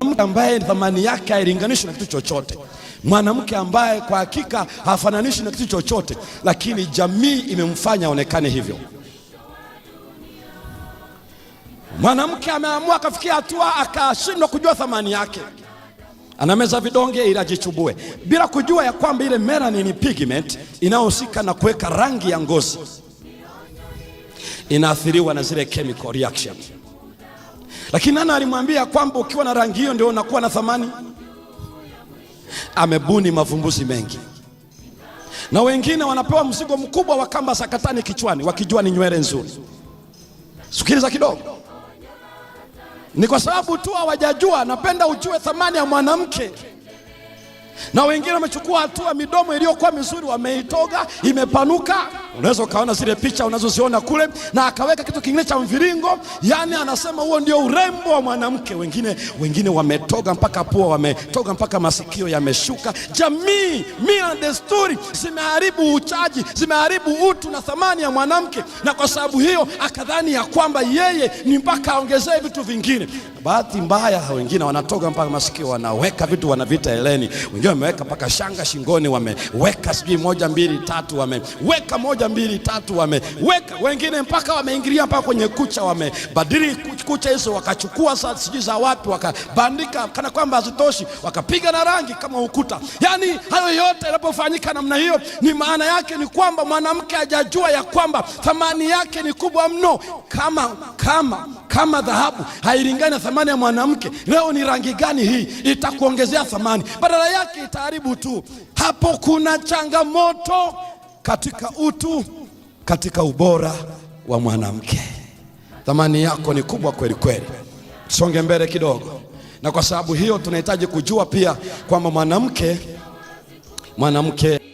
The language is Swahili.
Mwanamke ambaye thamani yake hailinganishwi na kitu chochote, mwanamke ambaye kwa hakika hafananishwi na kitu chochote, lakini jamii imemfanya aonekane hivyo. Mwanamke ameamua akafikia hatua akashindwa kujua thamani yake, anameza vidonge ili ajichubue bila kujua ya kwamba ile melanin ni pigment inayohusika na kuweka rangi ya ngozi, inaathiriwa na zile chemical reaction. Lakini nani alimwambia kwamba ukiwa na rangi hiyo ndio unakuwa na thamani. Amebuni mavumbuzi mengi, na wengine wanapewa mzigo mkubwa wa kamba sakatani kichwani, wakijua ni nywele nzuri. Sikiliza kidogo, ni kwa sababu tu hawajajua. Napenda ujue thamani ya mwanamke na wengine wamechukua hatua, midomo iliyokuwa mizuri wameitoga, imepanuka Unaweza ukaona zile picha unazoziona kule, na akaweka kitu kingine cha mviringo. Yani anasema huo ndio urembo wa mwanamke. Wengine wengine wametoga mpaka pua, wametoga mpaka masikio yameshuka. Jamii, mila na desturi zimeharibu uchaji, zimeharibu utu na thamani ya mwanamke, na kwa sababu hiyo akadhani ya kwamba yeye ni mpaka aongezee vitu vingine. Bahati mbaya, wengine wanatoga mpaka masikio, wanaweka vitu wanavita eleni, wengine wameweka mpaka shanga shingoni, wameweka sijui moja mbili tatu, wameweka moja moja mbili tatu, wameweka wengine mpaka wameingilia mpaka kwenye kucha, wamebadili kucha hizo, wakachukua sijui za wapi, wakabandika kana kwamba hazitoshi, wakapiga na rangi kama ukuta. yani hayo yote yanapofanyika namna hiyo, ni maana yake ni kwamba mwanamke hajajua ya kwamba thamani yake ni kubwa mno, kama kama kama dhahabu hailingani na thamani ya mwanamke. Leo ni rangi gani hii itakuongezea thamani? Badala yake itaharibu tu. Hapo kuna changamoto katika utu, katika ubora wa mwanamke. Thamani yako ni kubwa kweli kweli. Songe mbele kidogo, na kwa sababu hiyo tunahitaji kujua pia kwamba mwanamke mwanamke